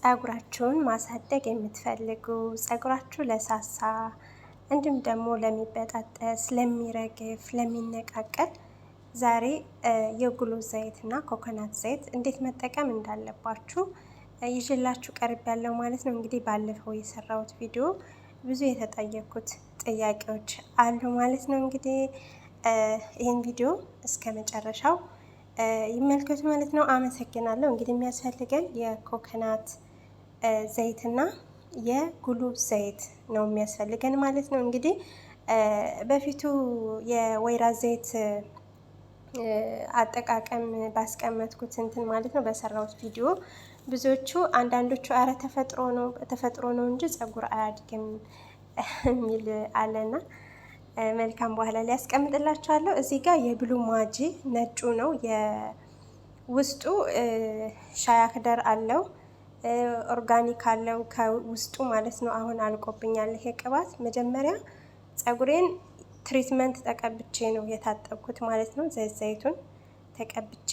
ጸጉራችሁን ማሳደግ የምትፈልጉ ፀጉራችሁ ለሳሳ እንዲሁም ደግሞ ለሚበጣጠስ፣ ለሚረግፍ፣ ለሚነቃቀል ዛሬ የጉሎ ዘይት እና ኮኮናት ዘይት እንዴት መጠቀም እንዳለባችሁ ይዤላችሁ ቀርብ ያለው ማለት ነው። እንግዲህ ባለፈው የሰራሁት ቪዲዮ ብዙ የተጠየኩት ጥያቄዎች አሉ ማለት ነው። እንግዲህ ይህን ቪዲዮ እስከ መጨረሻው ይመልከቱ ማለት ነው። አመሰግናለሁ። እንግዲህ የሚያስፈልገን የኮኮናት ዘይትና የጉሉብ ዘይት ነው የሚያስፈልገን ማለት ነው። እንግዲህ በፊቱ የወይራ ዘይት አጠቃቀም ባስቀመጥኩት እንትን ማለት ነው በሰራሁት ቪዲዮ ብዙዎቹ አንዳንዶቹ አረ ተፈጥሮ ነው ተፈጥሮ ነው እንጂ ጸጉር አያድግም የሚል አለና መልካም በኋላ ላይ ያስቀምጥላችኋለሁ። እዚህ ጋር የብሉ ማጂ ነጩ ነው። የውስጡ ሻያክደር አክደር አለው ኦርጋኒክ አለው ከውስጡ ማለት ነው። አሁን አልቆብኛል ይሄ ቅባት። መጀመሪያ ጸጉሬን ትሪትመንት ተቀብቼ ነው የታጠብኩት ማለት ነው። ዘይቱን ተቀብቼ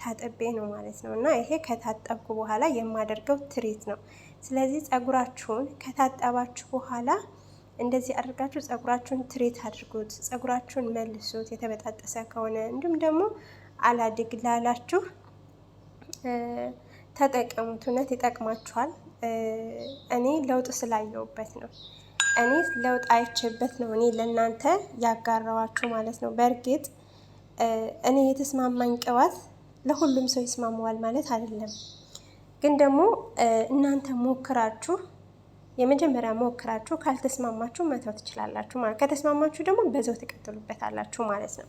ታጠቤ ነው ማለት ነው። እና ይሄ ከታጠብኩ በኋላ የማደርገው ትሪት ነው። ስለዚህ ጸጉራችሁን ከታጠባችሁ በኋላ እንደዚህ አድርጋችሁ ጸጉራችሁን ትሪት አድርጉት፣ ጸጉራችሁን መልሱት የተበጣጠሰ ከሆነ እንዲሁም ደግሞ አላድግ ላላችሁ ተጠቀሙት። እውነት ይጠቅማችኋል። እኔ ለውጥ ስላየውበት ነው። እኔ ለውጥ አይቼበት ነው እኔ ለእናንተ ያጋራዋችሁ ማለት ነው። በእርግጥ እኔ የተስማማኝ ቅባት ለሁሉም ሰው ይስማማዋል ማለት አይደለም። ግን ደግሞ እናንተ ሞክራችሁ የመጀመሪያ ሞክራችሁ ካልተስማማችሁ መተው ትችላላችሁ ማለት ከተስማማችሁ ደግሞ በዛው ትቀጥሉበታላችሁ ማለት ነው።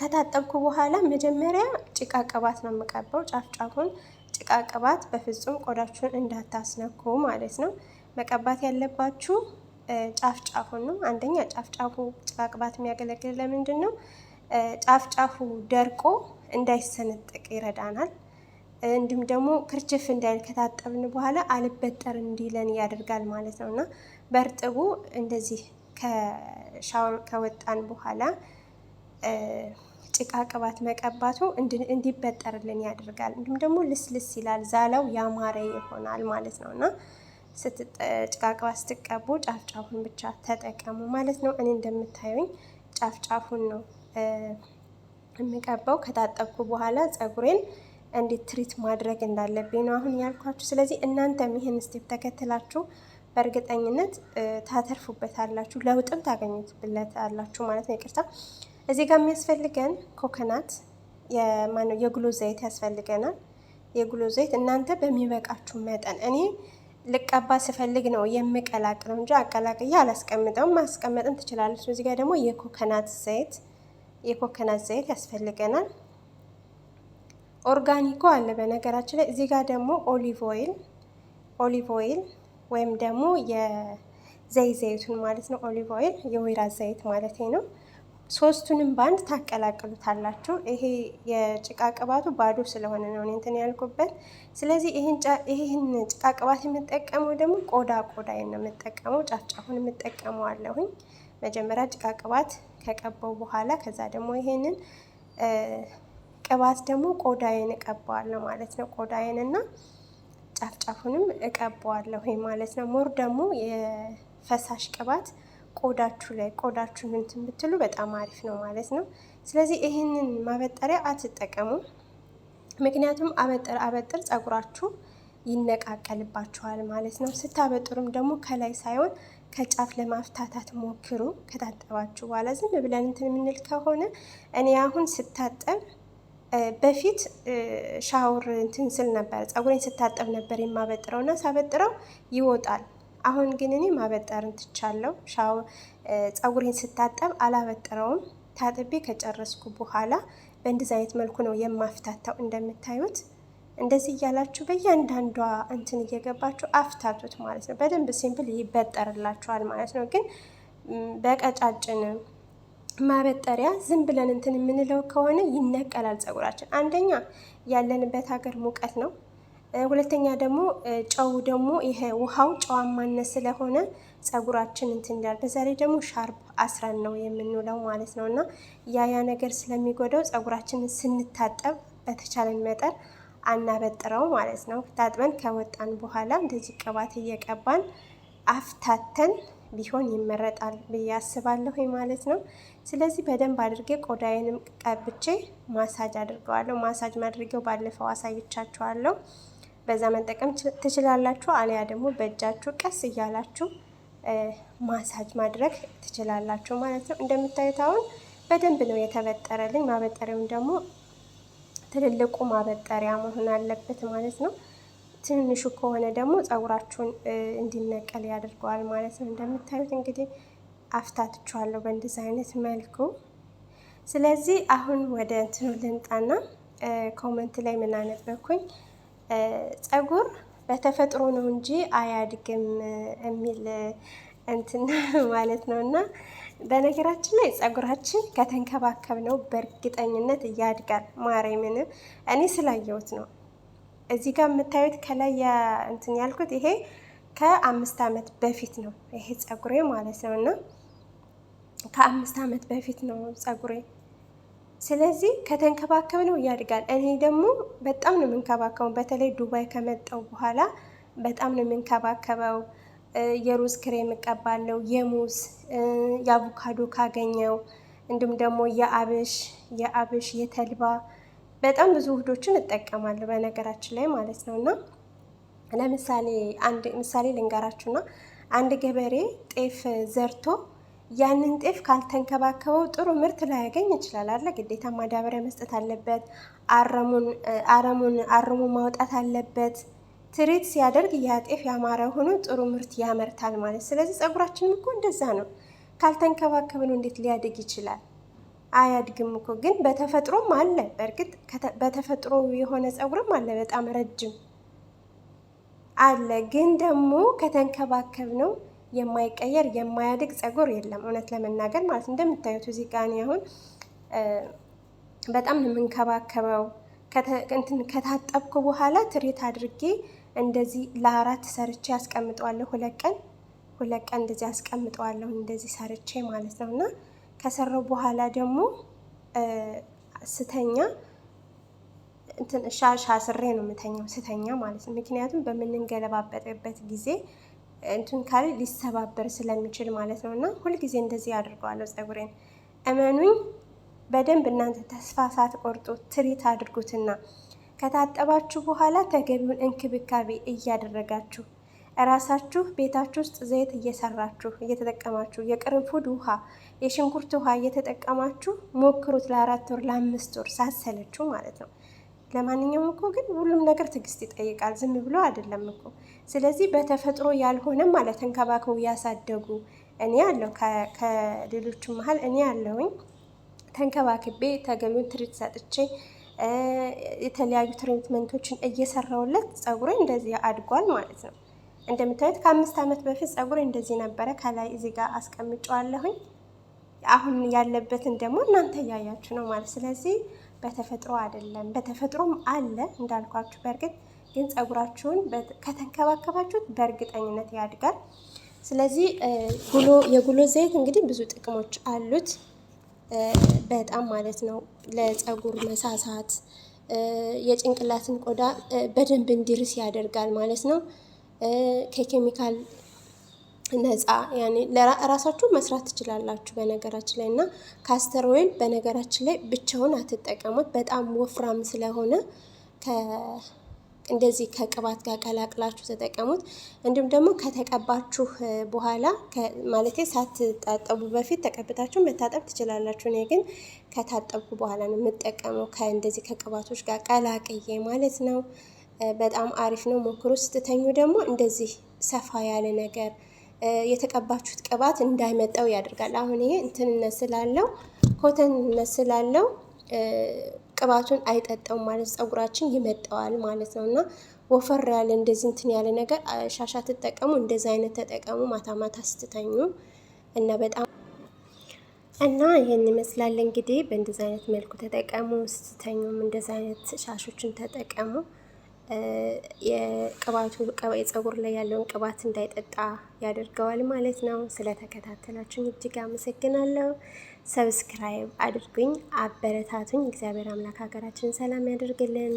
ከታጠብኩ በኋላ መጀመሪያ ጭቃ ቅባት ነው የምቀባው። ጫፍጫፉን ጭቃ ቅባት፣ በፍጹም ቆዳችሁን እንዳታስነኩ ማለት ነው። መቀባት ያለባችሁ ጫፍ ነው። አንደኛ ጫፍጫፉ ጭቃ ቅባት የሚያገለግል ለምንድን ነው? ጫፍ ጫፉ ደርቆ እንዳይሰነጠቅ ይረዳናል። እንዲሁም ደግሞ ክርችፍ እንዳይል ከታጠብን በኋላ አልበጠር እንዲለን ያደርጋል ማለት ነው እና በእርጥቡ እንደዚህ ከሻወር ከወጣን በኋላ ጭቃ ቅባት መቀባቱ እንዲበጠርልን ያደርጋል። እንዲሁም ደግሞ ልስልስ ይላል፣ ዛላው ያማረ ይሆናል ማለት ነው እና ጭቃ ቅባት ስትቀቡ ጫፍ ጫፉን ብቻ ተጠቀሙ ማለት ነው። እኔ እንደምታዩኝ ጫፍ ጫፉን ነው የምቀባው። ከታጠብኩ በኋላ ፀጉሬን እንዴት ትሪት ማድረግ እንዳለብኝ ነው አሁን ያልኳችሁ። ስለዚህ እናንተም ይህን ስቴፕ ተከትላችሁ በእርግጠኝነት ታተርፉበታላችሁ፣ ለውጥም ታገኙበታላችሁ ማለት ነው። ይቅርታ እዚህ ጋር የሚያስፈልገን ኮኮናት የጉሎ ዘይት ያስፈልገናል። የጉሎ ዘይት እናንተ በሚበቃችሁ መጠን እኔ ልቀባ ስፈልግ ነው የምቀላቅለው እንጂ አቀላቅዬ አላስቀምጠውም። ማስቀመጥም ትችላለች። እዚህ ጋር ደግሞ የኮኮናት ዘይት የኮኮናት ዘይት ያስፈልገናል። ኦርጋኒኮ አለ በነገራችን ላይ። እዚህ ጋር ደግሞ ኦሊቭ ኦይል ኦሊቭ ኦይል ወይም ደግሞ የዘይ ዘይቱን ማለት ነው። ኦሊቭ ኦይል የወይራ ዘይት ማለት ነው። ሶስቱንም በአንድ ታቀላቅሉታላችሁ። ይሄ የጭቃ ቅባቱ ባዶ ስለሆነ ነው እንትን ያልኩበት። ስለዚህ ይህን ጭቃ ቅባት የምጠቀመው ደግሞ ቆዳ ቆዳዬን ነው የምጠቀመው፣ ጫፍጫፉን የምጠቀመዋለሁኝ። መጀመሪያ ጭቃ ቅባት ከቀባው በኋላ ከዛ ደግሞ ይሄንን ቅባት ደግሞ ቆዳዬን እቀባዋለሁ ማለት ነው። ቆዳዬን እና ጫፍጫፉንም እቀባዋለሁ ማለት ነው። ሙር ደግሞ የፈሳሽ ቅባት ቆዳችሁ ላይ ቆዳችሁን እንትን ብትሉ በጣም አሪፍ ነው ማለት ነው። ስለዚህ ይህንን ማበጠሪያ አትጠቀሙ። ምክንያቱም አበጥር አበጥር ጸጉራችሁ ይነቃቀልባችኋል ማለት ነው። ስታበጥሩም ደግሞ ከላይ ሳይሆን ከጫፍ ለማፍታታት ሞክሩ። ከታጠባችሁ በኋላ ዝም ብለን እንትን የምንል ከሆነ እኔ አሁን ስታጠብ በፊት ሻወር እንትን ስል ነበር፣ ጸጉሬን ስታጠብ ነበር የማበጥረው እና ሳበጥረው ይወጣል አሁን ግን እኔ ማበጠርን ትቻለሁ። ሻው ጸጉሬን ስታጠብ አላበጠረውም። ታጥቤ ከጨረስኩ በኋላ በእንደዚህ አይነት መልኩ ነው የማፍታታው። እንደምታዩት እንደዚህ እያላችሁ በእያንዳንዷ እንትን እየገባችሁ አፍታቱት ማለት ነው። በደንብ ሲምፕል ይበጠርላችኋል ማለት ነው። ግን በቀጫጭን ማበጠሪያ ዝም ብለን እንትን የምንለው ከሆነ ይነቀላል ጸጉራችን። አንደኛ ያለንበት ሀገር ሙቀት ነው። ሁለተኛ ደግሞ ጨው ደግሞ ይሄ ውሃው ጨዋማነት ስለሆነ ጸጉራችን እንትን ይላል። በዛ ደግሞ ሻርፕ አስረን ነው የምንውለው ማለት ነው እና ያ ነገር ስለሚጎዳው ጸጉራችንን ስንታጠብ በተቻለን መጠን አናበጥረው ማለት ነው። ታጥበን ከወጣን በኋላ እንደዚህ ቅባት እየቀባን አፍታተን ቢሆን ይመረጣል ብዬ አስባለሁ ማለት ነው። ስለዚህ በደንብ አድርጌ ቆዳዬንም ቀብቼ ማሳጅ አድርገዋለሁ። ማሳጅ ማድረጊያው ባለፈው አሳይቻችኋለሁ። በዛ መጠቀም ትችላላችሁ። አሊያ ደግሞ በእጃችሁ ቀስ እያላችሁ ማሳጅ ማድረግ ትችላላችሁ ማለት ነው። እንደምታዩት አሁን በደንብ ነው የተበጠረልኝ። ማበጠሪያውም ደግሞ ትልልቁ ማበጠሪያ መሆን አለበት ማለት ነው። ትንንሹ ከሆነ ደግሞ ጸጉራችሁን እንዲነቀል ያደርገዋል ማለት ነው። እንደምታዩት እንግዲህ አፍታትችኋለሁ በእንደዚህ አይነት መልኩ። ስለዚህ አሁን ወደ እንትኑ ልንጣና ኮመንት ላይ ምናነበርኩኝ ፀጉር በተፈጥሮ ነው እንጂ አያድግም የሚል እንትን ማለት ነው እና በነገራችን ላይ ፀጉራችን ከተንከባከብ ነው በእርግጠኝነት እያድጋል። ማርያምን እኔ ስላየሁት ነው። እዚህ ጋር የምታዩት ከላይ እንትን ያልኩት ይሄ ከአምስት ዓመት በፊት ነው ይሄ ፀጉሬ ማለት ነው እና ከአምስት ዓመት በፊት ነው ፀጉሬ ስለዚህ ከተንከባከብ ነው ያድጋል። እኔ ደግሞ በጣም ነው የምንከባከበው። በተለይ ዱባይ ከመጣው በኋላ በጣም ነው የምንከባከበው። የሩዝ ክሬም እቀባለው፣ የሙዝ የአቮካዶ ካገኘው፣ እንዲሁም ደግሞ የአብሽ የአብሽ የተልባ በጣም ብዙ ውህዶችን እጠቀማለሁ በነገራችን ላይ ማለት ነው። እና ለምሳሌ አንድ ምሳሌ ልንገራችሁና አንድ ገበሬ ጤፍ ዘርቶ ያንን ጤፍ ካልተንከባከበው ጥሩ ምርት ላያገኝ ይችላል አለ። ግዴታ ማዳበሪያ መስጠት አለበት። አረሙን አርሞ ማውጣት አለበት። ትሪት ሲያደርግ ያ ጤፍ ያማረ ሆኖ ጥሩ ምርት ያመርታል ማለት። ስለዚህ ጸጉራችንም እኮ እንደዛ ነው። ካልተንከባከብነው እንዴት ሊያድግ ይችላል? አያድግም እኮ። ግን በተፈጥሮም አለ። በእርግጥ በተፈጥሮ የሆነ ጸጉርም አለ፣ በጣም ረጅም አለ። ግን ደግሞ ነው የማይቀየር የማያድግ ጸጉር የለም። እውነት ለመናገር ማለት እንደምታዩት እዚህ ጋ እኔ አሁን በጣም የምንከባከበው የምንከባከበው። ከታጠብኩ በኋላ ትሬት አድርጌ እንደዚህ ለአራት ሰርቼ አስቀምጠዋለሁ። ሁለት ቀን ሁለት ቀን እንደዚህ አስቀምጠዋለሁ እንደዚህ ሰርቼ ማለት ነው። እና ከሰራው በኋላ ደግሞ ስተኛ ሻሻ ስሬ ነው የምተኛው ስተኛ ማለት ነው። ምክንያቱም በምንገለባበጥበት ጊዜ እንትን ካለ ሊሰባበር ስለሚችል ማለት ነው። እና ሁልጊዜ እንደዚህ አድርገዋለሁ ፀጉሬን። እመኑኝ በደንብ እናንተ ተስፋ ሳትቆርጡ ትሪት አድርጉትና ከታጠባችሁ በኋላ ተገቢውን እንክብካቤ እያደረጋችሁ እራሳችሁ ቤታችሁ ውስጥ ዘይት እየሰራችሁ እየተጠቀማችሁ የቅርንፉድ ውሃ፣ የሽንኩርት ውሃ እየተጠቀማችሁ ሞክሩት። ለአራት ወር ለአምስት ወር ሳሰለችሁ ማለት ነው። ለማንኛውም እኮ ግን ሁሉም ነገር ትዕግስት ይጠይቃል። ዝም ብሎ አይደለም እኮ። ስለዚህ በተፈጥሮ ያልሆነ ማለት ተንከባክበው ያሳደጉ እኔ ያለው ከሌሎቹ መሀል እኔ ያለውኝ ተንከባክቤ ተገቢውን ትሪት ሰጥቼ የተለያዩ ትሪትመንቶችን እየሰራውለት ጸጉሬ እንደዚህ አድጓል ማለት ነው። እንደምታዩት ከአምስት ዓመት በፊት ጸጉሬ እንደዚህ ነበረ። ከላይ እዚህ ጋር አስቀምጨዋለሁኝ። አሁን ያለበትን ደግሞ እናንተ እያያችሁ ነው ማለት ስለዚህ በተፈጥሮ አይደለም። በተፈጥሮም አለ እንዳልኳችሁ። በእርግጥ ግን ጸጉራችሁን ከተንከባከባችሁት በእርግጠኝነት ያድጋል። ስለዚህ ጉሎ የጉሎ ዘይት እንግዲህ ብዙ ጥቅሞች አሉት በጣም ማለት ነው። ለፀጉር መሳሳት የጭንቅላትን ቆዳ በደንብ እንዲርስ ያደርጋል ማለት ነው ከኬሚካል ነፃ ያኔ ራሳችሁ መስራት ትችላላችሁ። በነገራችን ላይ እና ካስተር ኦይል በነገራችን ላይ ብቻውን አትጠቀሙት፣ በጣም ወፍራም ስለሆነ እንደዚህ ከቅባት ጋር ቀላቅላችሁ ተጠቀሙት። እንዲሁም ደግሞ ከተቀባችሁ በኋላ ማለት ሳትጣጠቡ በፊት ተቀብታችሁ መታጠብ ትችላላችሁ። እኔ ግን ከታጠብኩ በኋላ ነው የምጠቀመው ከእንደዚህ ከቅባቶች ጋር ቀላቅዬ ማለት ነው። በጣም አሪፍ ነው፣ ሞክሮ ስትተኙ ደግሞ እንደዚህ ሰፋ ያለ ነገር የተቀባችሁት ቅባት እንዳይመጣው ያደርጋል። አሁን ይሄ እንትንነት ስላለው ኮተንነት ስላለው ቅባቱን አይጠጠውም ማለት ፀጉራችን ይመጣዋል ማለት ነው። እና ወፈር ያለ እንደዚህ እንትን ያለ ነገር ሻሻ ትጠቀሙ፣ እንደዚህ አይነት ተጠቀሙ ማታ ማታ ስትተኙ እና በጣም እና ይህን ይመስላል እንግዲህ በእንደዚህ አይነት መልኩ ተጠቀሙ። ስትተኙም እንደዚህ አይነት ሻሾችን ተጠቀሙ። የቅባቱ የፀጉር ላይ ያለውን ቅባት እንዳይጠጣ ያደርገዋል ማለት ነው። ስለተከታተላችሁ እጅግ አመሰግናለሁ። ሰብስክራይብ አድርጉኝ፣ አበረታቱኝ። እግዚአብሔር አምላክ ሀገራችን ሰላም ያደርግልን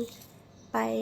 ባይ